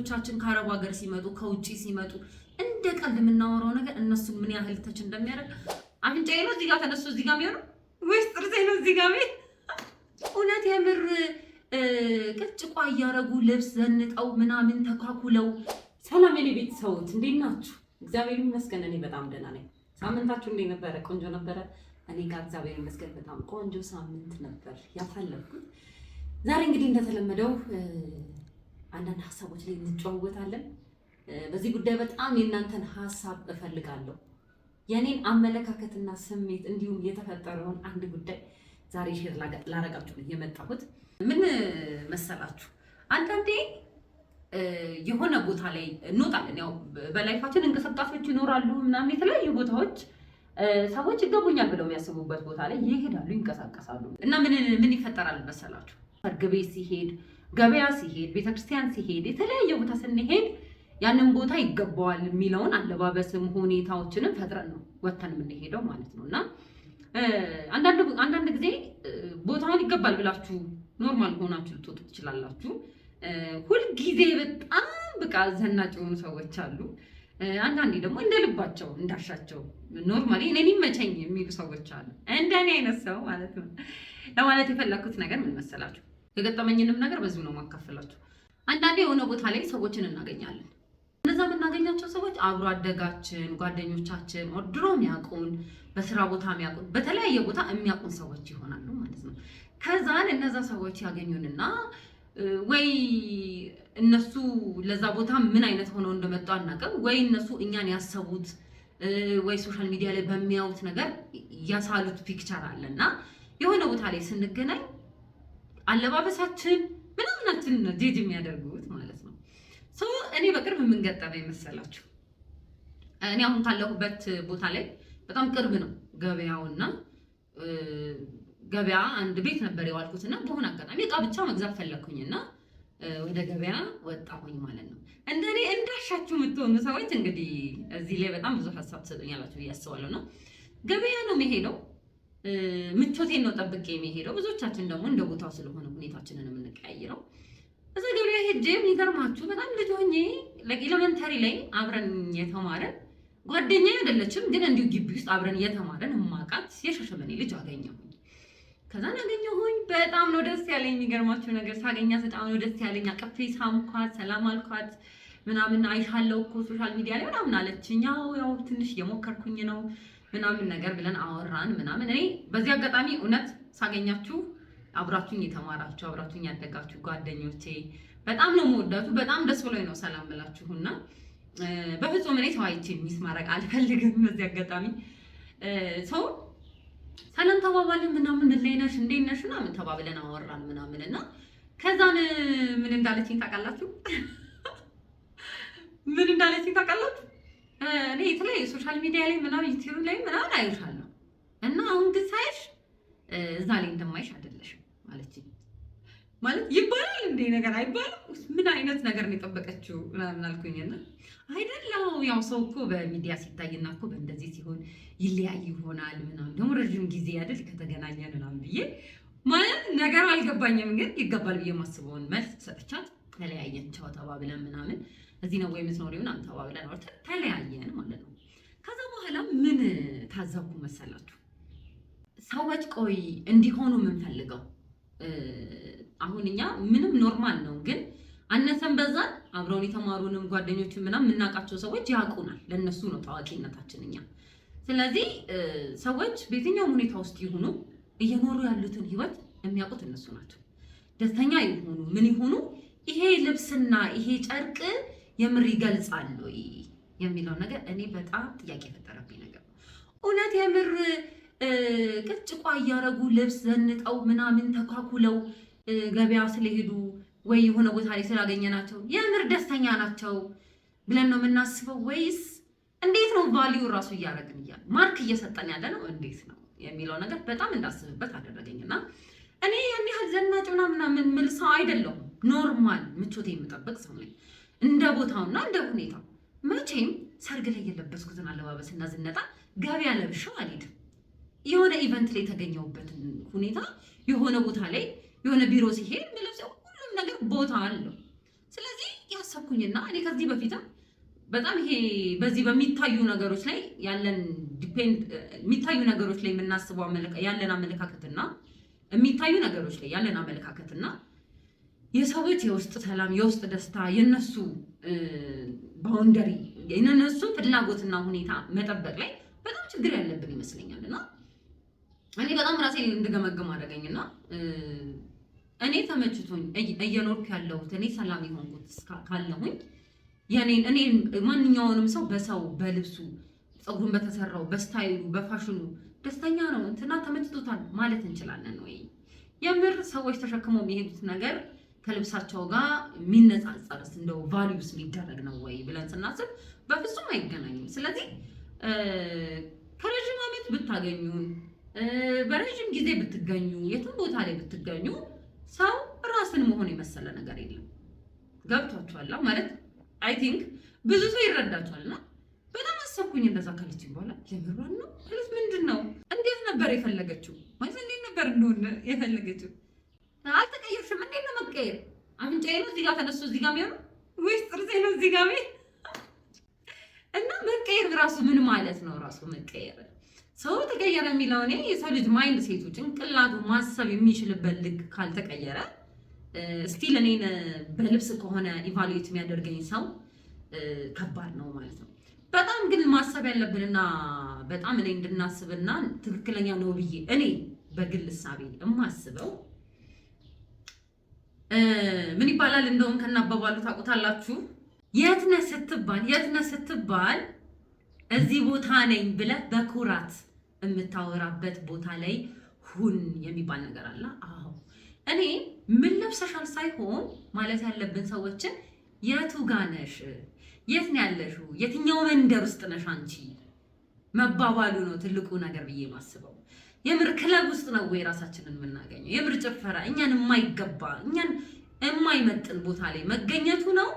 ልጆቻችን ከአረቡ ሀገር ሲመጡ ከውጭ ሲመጡ እንደ ቀልድ የምናወራው ነገር እነሱ ምን ያህል ልተች እንደሚያደርግ አፍንጫዬ ነው እዚጋ ጋ ተነሱ እዚጋ የሚሆነው ወይስ ጥርሴ ነው እዚጋ ሚ እውነት የምር ቅጭቋ እያረጉ ልብስ ዘንጠው ምናምን ተኳኩለው። ሰላም የኔ ቤተሰቦች እንዴት ናችሁ? እግዚአብሔር ይመስገን እኔ በጣም ደህና ነኝ። ሳምንታችሁ እንዴት ነበረ? ቆንጆ ነበረ? እኔ ጋር እግዚአብሔር ይመስገን በጣም ቆንጆ ሳምንት ነበር ያሳለፍኩት። ዛሬ እንግዲህ እንደተለመደው አንዳንድ ሀሳቦች ላይ እንጨዋወታለን። በዚህ ጉዳይ በጣም የእናንተን ሀሳብ እፈልጋለሁ። የእኔን አመለካከትና ስሜት እንዲሁም የተፈጠረውን አንድ ጉዳይ ዛሬ ሼር ላረጋችሁ የመጣሁት ምን መሰላችሁ? አንዳንዴ የሆነ ቦታ ላይ እንወጣለን። ያው በላይፋችን እንቅስቃሴዎች ይኖራሉ ምናምን የተለያዩ ቦታዎች ሰዎች ይገቡኛል ብለው የሚያስቡበት ቦታ ላይ ይሄዳሉ፣ ይንቀሳቀሳሉ እና ምን ምን ይፈጠራል መሰላችሁ? ሰርግ ቤት ሲሄድ ገበያ ሲሄድ፣ ቤተክርስቲያን ሲሄድ፣ የተለያየ ቦታ ስንሄድ ያንን ቦታ ይገባዋል የሚለውን አለባበስም ሁኔታዎችንም ፈጥረን ነው ወተን የምንሄደው ማለት ነው እና አንዳንድ ጊዜ ቦታውን ይገባል ብላችሁ ኖርማል ሆናችሁ ልትወጡ ትችላላችሁ። ሁልጊዜ በጣም በቃ ዘናጭ የሆኑ ሰዎች አሉ። አንዳንዴ ደግሞ እንደ ልባቸው እንዳሻቸው ኖርማሊ እኔ ይመቸኝ የሚሉ ሰዎች አሉ። እንደኔ አይነት ሰው ማለት ነው። ለማለት የፈለኩት ነገር ምን መሰላችሁ? የገጠመኝንም ነገር በዚሁ ነው ማካፈላችሁ። አንዳንዴ የሆነ ቦታ ላይ ሰዎችን እናገኛለን። እነዛ የምናገኛቸው ሰዎች አብሮ አደጋችን፣ ጓደኞቻችን፣ ወድሮ የሚያውቁን፣ በስራ ቦታ የሚያውቁን፣ በተለያየ ቦታ የሚያውቁን ሰዎች ይሆናሉ ማለት ነው። ከዛን እነዛ ሰዎች ያገኙንና ወይ እነሱ ለዛ ቦታ ምን አይነት ሆነው እንደመጡ አናውቅም። ወይ እነሱ እኛን ያሰቡት ወይ ሶሻል ሚዲያ ላይ በሚያዩት ነገር ያሳሉት ፒክቸር አለ እና የሆነ ቦታ ላይ ስንገናኝ አለባበሳችን ምናምናችን ነው ጅጅ የሚያደርጉት ማለት ነው። እኔ በቅርብ የምንገጠመ የመሰላችሁ እኔ አሁን ካለሁበት ቦታ ላይ በጣም ቅርብ ነው ገበያውና ገበያ አንድ ቤት ነበር የዋልኩት እና በሆነ አጋጣሚ እቃ ብቻ መግዛት ፈለግኩኝ እና ወደ ገበያ ወጣሁኝ ማለት ነው። እንደኔ እንዳሻችሁ የምትሆኑ ሰዎች እንግዲህ እዚህ ላይ በጣም ብዙ ሀሳብ ትሰጡኛላችሁ ብዬ አስባለሁ እና ገበያ ነው የሚሄደው። ምቾቴን ነው ጠብቄ የሚሄደው። ብዙዎቻችን ደግሞ እንደ ቦታው ስለሆነ ሁኔታችንን የምንቀያይረው። እዛ ገበያ ሄጄ የሚገርማችሁ በጣም ልጅ ሆኜ ኤሌመንተሪ ላይ አብረን የተማረን ጓደኛ አይደለችም፣ ግን እንዲሁ ግቢ ውስጥ አብረን እየተማረን እማቃት የሻሸመኔ ልጅ አገኘሁኝ። ከዛን አገኘሁኝ። በጣም ነው ደስ ያለኝ። የሚገርማችሁ ነገር ሳገኛት በጣም ነው ደስ ያለኝ። አቅፌ ሳምኳት፣ ሰላም አልኳት ምናምን። አይሻለው እኮ ሶሻል ሚዲያ ላይ ምናምን አለችኝ። ያው ያው ትንሽ እየሞከርኩኝ ነው ምናምን ነገር ብለን አወራን ምናምን። እኔ በዚህ አጋጣሚ እውነት ሳገኛችሁ አብራችሁኝ የተማራችሁ አብራችሁኝ ያደጋችሁ ጓደኞቼ በጣም ነው የምወዳችሁ። በጣም ደስ ብሎኝ ነው ሰላም ብላችሁና በፍጹም እኔ ሰው አይቼ የሚስማረቅ አልፈልግም። በዚህ አጋጣሚ ሰው ሰላም ተባባልን ምናምን እንዴት ነሽ እንዴት ነሽ ምናምን ተባብለን አወራን ምናምን እና ከዛን ምን እንዳለችኝ ታውቃላችሁ? ምን እንዳለችኝ ታውቃላችሁ? እኔ የተለያዩ ሶሻል ሚዲያ ላይ ምናምን ዩቲዩብ ላይ ምናምን አይሻለሁ እና አሁን ግን ሳይሽ እዛ ላይ እንደማይሽ አይደለሽም ማለት ማለት ይባላል እንደ ነገር አይባልም። ምን አይነት ነገር ነው የጠበቀችው ምናምን አልኩኝና አይደለው ያው ሰው እኮ በሚዲያ ሲታይና እኮ በእንደዚህ ሲሆን ይለያይ ይሆናል ምናምን ደግሞ ረዥም ጊዜ አይደል ከተገናኘ ምናምን ብዬ ማለት ነገር አልገባኝም፣ ግን ይገባል ብዬ ማስበውን መልስ ሰጥቻት ተለያየን ቻው ተባብለን ምናምን እዚህ ነው ወይ የምትኖሪውን አንተ ባብለን አውርተን ተለያየን ማለት ነው። ከዛ በኋላ ምን ታዘብኩ መሰላችሁ? ሰዎች ቆይ እንዲሆኑ የምንፈልገው አሁን እኛ ምንም ኖርማል ነው፣ ግን አነሰን በዛን አብረውን የተማሩንም ጓደኞችን ምናምን የምናውቃቸው ሰዎች ያውቁናል። ለእነሱ ነው ታዋቂነታችን እኛ። ስለዚህ ሰዎች በየትኛውም ሁኔታ ውስጥ ይሁኑ እየኖሩ ያሉትን ህይወት የሚያውቁት እነሱ ናቸው። ደስተኛ ይሁኑ ምን ይሁኑ ይሄ ልብስና ይሄ ጨርቅ የምር ይገልጻል ወይ የሚለው ነገር እኔ በጣም ጥያቄ የፈጠረብኝ ነገር ነው። እውነት የምር ቅጭቋ እያረጉ ልብስ ዘንጠው ምናምን ተኳኩለው ገበያ ስለሄዱ ወይ የሆነ ቦታ ላይ ስላገኘ ናቸው የምር ደስተኛ ናቸው ብለን ነው የምናስበው ወይስ እንዴት ነው ቫሊዩ እራሱ እያደረግን እያለ ማርክ እየሰጠን ያለ ነው እንዴት ነው የሚለው ነገር በጣም እንዳስብበት አደረገኝና እኔ ያን ያህል ዘናጭ ምናምን የምል ሰው አይደለሁም። ኖርማል ምቾቴ የምጠበቅ ሰው ነኝ። እንደ ቦታውና እንደ ሁኔታው። መቼም ሰርግ ላይ የለበስኩትን አለባበስ እና ዝነጣ ገበያ ለብሼው አልሄድም። የሆነ ኢቨንት ላይ የተገኘሁበትን ሁኔታ የሆነ ቦታ ላይ የሆነ ቢሮ ሲሄድ እንደለብሰው ሁሉም ነገር ቦታ አለው። ስለዚህ ያሰብኩኝና እኔ ከዚህ በፊትም በጣም ይሄ በዚህ በሚታዩ ነገሮች ላይ ያለን ዲፔንድ የሚታዩ ነገሮች ላይ የምናስበው ያለን አመለካከትና የሚታዩ ነገሮች ላይ ያለን አመለካከትና የሰዎች የውስጥ ሰላም የውስጥ ደስታ የነሱ ባውንደሪ የነሱን ፍላጎትና ሁኔታ መጠበቅ ላይ በጣም ችግር ያለብን ይመስለኛል። እና እኔ በጣም ራሴ እንድገመግም እና እኔ ተመችቶኝ እየኖርኩ ያለሁት እኔ ሰላም የሆንኩት ካለሁኝ የኔን እኔ ማንኛውንም ሰው በሰው በልብሱ ፀጉሩን በተሰራው በስታይሉ በፋሽኑ ደስተኛ ነው እንትና ተመችቶታል ማለት እንችላለን ወይ? የምር ሰዎች ተሸክመው የሚሄዱት ነገር ከልብሳቸው ጋር የሚነጻጸርስ እንደው ቫሊዩስ ሊደረግ ነው ወይ ብለን ስናስብ በፍጹም አይገናኝም። ስለዚህ ከረዥም ዓመት ብታገኙን በረዥም ጊዜ ብትገኙ የትም ቦታ ላይ ብትገኙ ሰው ራስን መሆን የመሰለ ነገር የለም። ገብቷችኋል ማለት አይ ቲንክ ብዙ ሰው ይረዳችኋል። እና በጣም አሰብኩኝ እንደዛ ካለች በኋላ የምሯን ነው ማለት ምንድን ነው እንዴት ነበር የፈለገችው ማለት እንዴት ነበር እንደሆነ የፈለገችው ይቀየር። አፍንጫዬ ነው እዚህ ጋር ተነስቶ እዚህ ጋር የሚሆነው ወይስ ጥርሴ ነው እዚህ ጋር እና መቀየር ራሱ ምን ማለት ነው? ራሱ መቀየር ሰው ተቀየረ የሚለው እኔ የሰው ልጅ ማይንድ ሴቱ ጭንቅላቱ ማሰብ የሚችልበት ልክ ካልተቀየረ ስቲል እኔን በልብስ ከሆነ ኢቫሉዌት የሚያደርገኝ ሰው ከባድ ነው ማለት ነው። በጣም ግን ማሰብ ያለብንና በጣም እኔ እንድናስብና ትክክለኛ ነው ብዬ እኔ በግል ሳቤ የማስበው ምን ይባላል? እንደውም ከናባባሉ ታውቁታላችሁ። የት ነህ ስትባል የት ነህ ስትባል እዚህ ቦታ ነኝ ብለህ በኩራት የምታወራበት ቦታ ላይ ሁን የሚባል ነገር አለ። አዎ እኔ ምን ለብሰሻል ሳይሆን ማለት ያለብን ሰዎችን የቱ ጋ ነሽ፣ የት ነው ያለሽው፣ የትኛው መንደር ውስጥ ነሽ አንቺ መባባሉ ነው ትልቁ ነገር ብዬ ማስበው። የምር ክለብ ውስጥ ነው ወይ ራሳችንን የምናገኘው? የምር ጭፈራ እኛን የማይገባ እኛን የማይመጥን ቦታ ላይ መገኘቱ ነው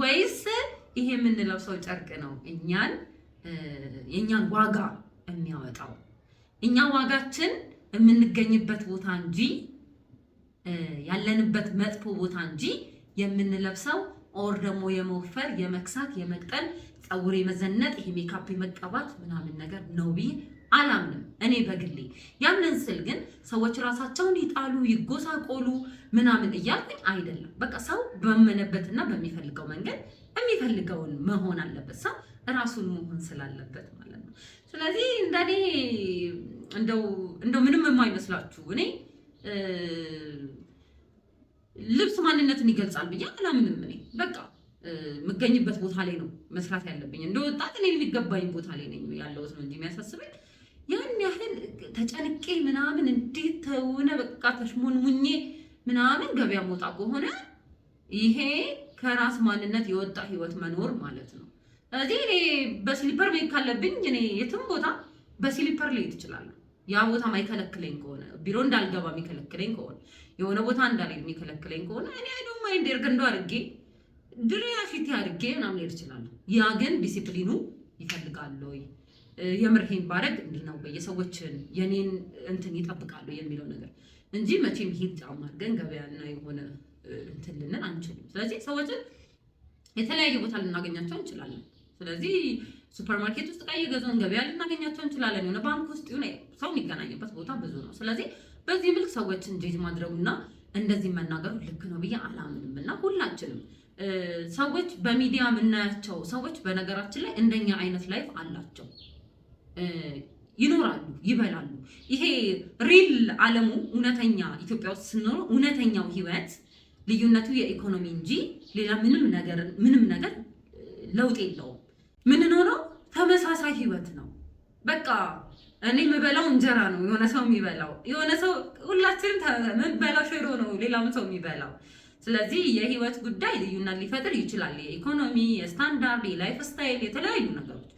ወይስ ይሄ የምንለብሰው ጨርቅ ነው እኛን የእኛን ዋጋ የሚያወጣው? እኛ ዋጋችን የምንገኝበት ቦታ እንጂ ያለንበት መጥፎ ቦታ እንጂ የምንለብሰው ኦር ደግሞ የመወፈር የመክሳት የመቅጠን ፀጉር የመዘነጥ ይሄ ሜካፕ የመቀባት ምናምን ነገር ነው ብዬ አላምንም እኔ በግሌ ያንን ስል ግን ሰዎች ራሳቸውን ይጣሉ ይጎሳቆሉ ምናምን እያልኩኝ አይደለም። በቃ ሰው በመነበትና በሚፈልገው መንገድ የሚፈልገውን መሆን አለበት። ሰው እራሱን መሆን ስላለበት ማለት ነው። ስለዚህ እንደኔ እንደው ምንም የማይመስላችሁ እኔ ልብስ ማንነትን ይገልጻል ብዬ አላምንም። እኔ በቃ የምገኝበት ቦታ ላይ ነው መስራት ያለብኝ። እንደ ወጣት እኔ የሚገባኝ ቦታ ላይ ነኝ ያለሁት ነው እንጂ የሚያሳስበኝ ያህል ተጨንቄ ምናምን እንዴት ተውነ በቃ ተሽሞንሙኜ ምናምን ገበያ መውጣ ከሆነ ይሄ ከራስ ማንነት የወጣ ህይወት መኖር ማለት ነው። ስለዚህ እኔ በስሊፐር መሄድ ካለብኝ እኔ የትም ቦታ በስሊፐር ልሄድ እችላለሁ። ያ ቦታ ማይከለክለኝ ከሆነ ቢሮ እንዳልገባ የሚከለክለኝ ከሆነ የሆነ ቦታ እንዳልሄድ የሚከለክለኝ ከሆነ እኔ አይ ዶንት ማይንድ ገንዶ አድርጌ ድሬ ፊት አድርጌ ምናምን ልሄድ እችላለሁ። ያ ግን ዲሲፕሊኑ ይፈልጋል ወይ የምርሄን ባረግ እንዲናው የሰዎችን የኔን እንትን ይጠብቃሉ የሚለው ነገር እንጂ መቼም ሂድ ጫማ አድርገን ገበያና የሆነ እንትን ልንል አንችልም። ስለዚህ ሰዎችን የተለያየ ቦታ ልናገኛቸው እንችላለን። ስለዚህ ሱፐርማርኬት ውስጥ ቀይ እየገዛን ገበያ ልናገኛቸው እንችላለን። የሆነ ባንክ ውስጥ ሆነ ሰው የሚገናኝበት ቦታ ብዙ ነው። ስለዚህ በዚህ ምልክ ሰዎችን ጄጅ ማድረጉና እንደዚህ መናገሩ ልክ ነው ብዬ አላምንም እና ሁላችንም ሰዎች በሚዲያ የምናያቸው ሰዎች በነገራችን ላይ እንደኛ አይነት ላይፍ አላቸው። ይኖራሉ፣ ይበላሉ። ይሄ ሪል አለሙ እውነተኛ ኢትዮጵያ ውስጥ ስንኖር እውነተኛው ህይወት ልዩነቱ የኢኮኖሚ እንጂ ሌላ ምንም ነገር ምንም ነገር ለውጥ የለውም። ምንኖረው ተመሳሳይ ህይወት ነው። በቃ እኔ የምበላው እንጀራ ነው፣ የሆነ ሰው የሚበላው የሆነ ሰው ሁላችንም የምንበላው ሽሮ ነው፣ ሌላም ሰው የሚበላው ስለዚህ የህይወት ጉዳይ ልዩነት ሊፈጥር ይችላል። የኢኮኖሚ፣ የስታንዳርድ፣ የላይፍ ስታይል የተለያዩ ነገሮች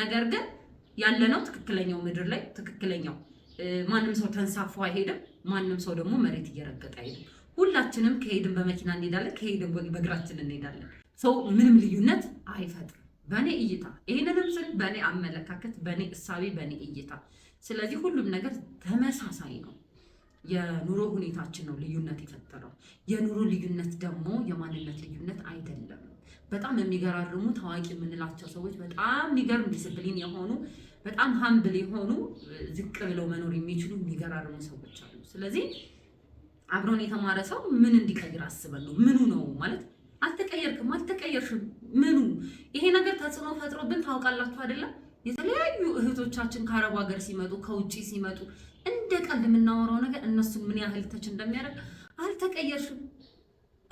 ነገር ግን ያለነው ትክክለኛው ምድር ላይ ትክክለኛው ማንም ሰው ተንሳፎ አይሄድም። ማንም ሰው ደግሞ መሬት እየረገጠ አይሄድም። ሁላችንም ከሄድን በመኪና እንሄዳለን፣ ከሄድን በእግራችን እንሄዳለን። ሰው ምንም ልዩነት አይፈጥርም በእኔ እይታ። ይህንንም ስል በእኔ አመለካከት፣ በእኔ እሳቤ፣ በእኔ እይታ። ስለዚህ ሁሉም ነገር ተመሳሳይ ነው። የኑሮ ሁኔታችን ነው ልዩነት የፈጠረው። የኑሮ ልዩነት ደግሞ የማንነት ልዩነት አይደለም። በጣም የሚገራርሙ ታዋቂ የምንላቸው ሰዎች በጣም የሚገርም ዲስፕሊን የሆኑ በጣም ሀምብል የሆኑ ዝቅ ብለው መኖር የሚችሉ የሚገራርሙ ሰዎች አሉ። ስለዚህ አብሮን የተማረ ሰው ምን እንዲቀይር አስበን ነው? ምኑ ነው ማለት አልተቀየርክም፣ አልተቀየርሽም፣ ምኑ ይሄ ነገር ተጽዕኖ ፈጥሮብን ታውቃላችሁ አይደለም? የተለያዩ እህቶቻችን ከአረቡ ሀገር ሲመጡ ከውጭ ሲመጡ እንደ ቀልድ የምናወራው ነገር እነሱ ምን ያህል ተች እንደሚያደርግ አልተቀየርሽም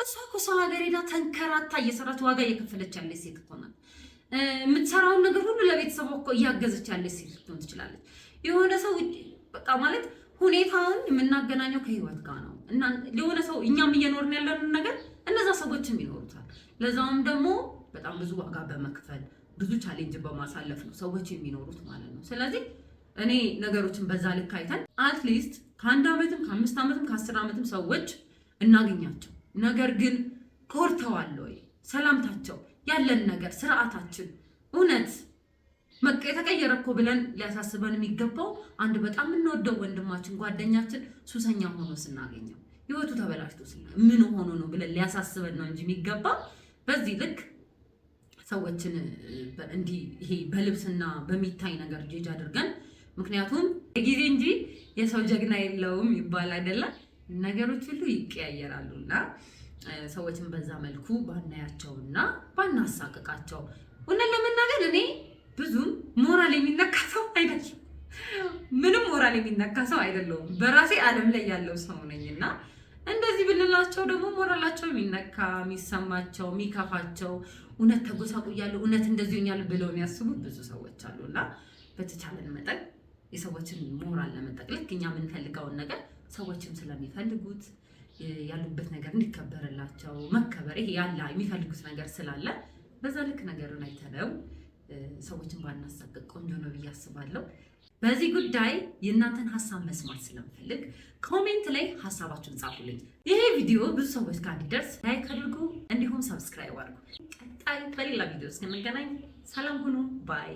እሷ እኮ ሰው ሀገር ሄዳ ተንከራታ እየሰራች ዋጋ እየከፈለች ያለች ሴት እኮ ናት። የምትሰራውን ነገር ሁሉ ለቤተሰቡ እኮ እያገዘች ያለች ሴት ልትሆን ትችላለች። የሆነ ሰው በቃ ማለት ሁኔታውን የምናገናኘው ከህይወት ጋር ነው እና የሆነ ሰው እኛም እየኖርን ያለንን ነገር እነዛ ሰዎችም ይኖሩታል። ለዛውም ደግሞ በጣም ብዙ ዋጋ በመክፈል ብዙ ቻሌንጅ በማሳለፍ ነው ሰዎች የሚኖሩት ማለት ነው። ስለዚህ እኔ ነገሮችን በዛ ልክ አይተን አትሊስት ከአንድ ዓመትም ከአምስት ዓመትም ከአስር ዓመትም ሰዎች እናገኛቸው። ነገር ግን ኮርተዋል ወይ? ሰላምታቸው፣ ያለን ነገር፣ ስርዓታችን እውነት መቀ የተቀየረ እኮ ብለን ሊያሳስበን የሚገባው አንድ በጣም የምንወደው ወንድማችን ጓደኛችን ሱሰኛ ሆኖ ስናገኘው ህይወቱ ተበላሽቶ ምን ሆኖ ነው ብለን ሊያሳስበን ነው እንጂ የሚገባ በዚህ ልክ ሰዎችን እንዲህ ይሄ በልብስና በሚታይ ነገር ጄጅ አድርገን ምክንያቱም ጊዜ እንጂ የሰው ጀግና የለውም ይባል አይደለም። ነገሮች ሁሉ እና ሰዎችን በዛ መልኩ ባናያቸውና ባናሳቅቃቸው። እውነት ለመናገር እኔ ብዙም ሞራል የሚነካ ሰው አይደለም። ምንም ሞራል የሚነካ ሰው አይደለሁም። በራሴ ዓለም ላይ ያለው ሰው እና እንደዚህ ብንላቸው ደግሞ ሞራላቸው የሚነካ የሚሰማቸው፣ የሚከፋቸው እውነት እያለ እውነት እንደዚህ ሆኛለሁ ብለው የሚያስቡ ብዙ ሰዎች አሉና በተቻለን መጠን የሰዎችን ሞራል ለመጠቅለቅ እኛ የምንፈልገውን ነገር ሰዎችም ስለሚፈልጉት ያሉበት ነገር እንዲከበርላቸው መከበር ይሄ ያለ የሚፈልጉት ነገር ስላለ በዛ ልክ ነገሩን አይተነው ሰዎችን ባናሳቅቅ ቆንጆ ነው ብዬ አስባለሁ። በዚህ ጉዳይ የእናንተን ሀሳብ መስማት ስለምፈልግ ኮሜንት ላይ ሀሳባችሁን ጻፉልኝ። ይሄ ቪዲዮ ብዙ ሰዎች ጋር እንዲደርስ ላይክ አድርጉ፣ እንዲሁም ሰብስክራይብ አድርጉ። ቀጣይ በሌላ ቪዲዮ እስክንገናኝ ሰላም ሁኑ። ባይ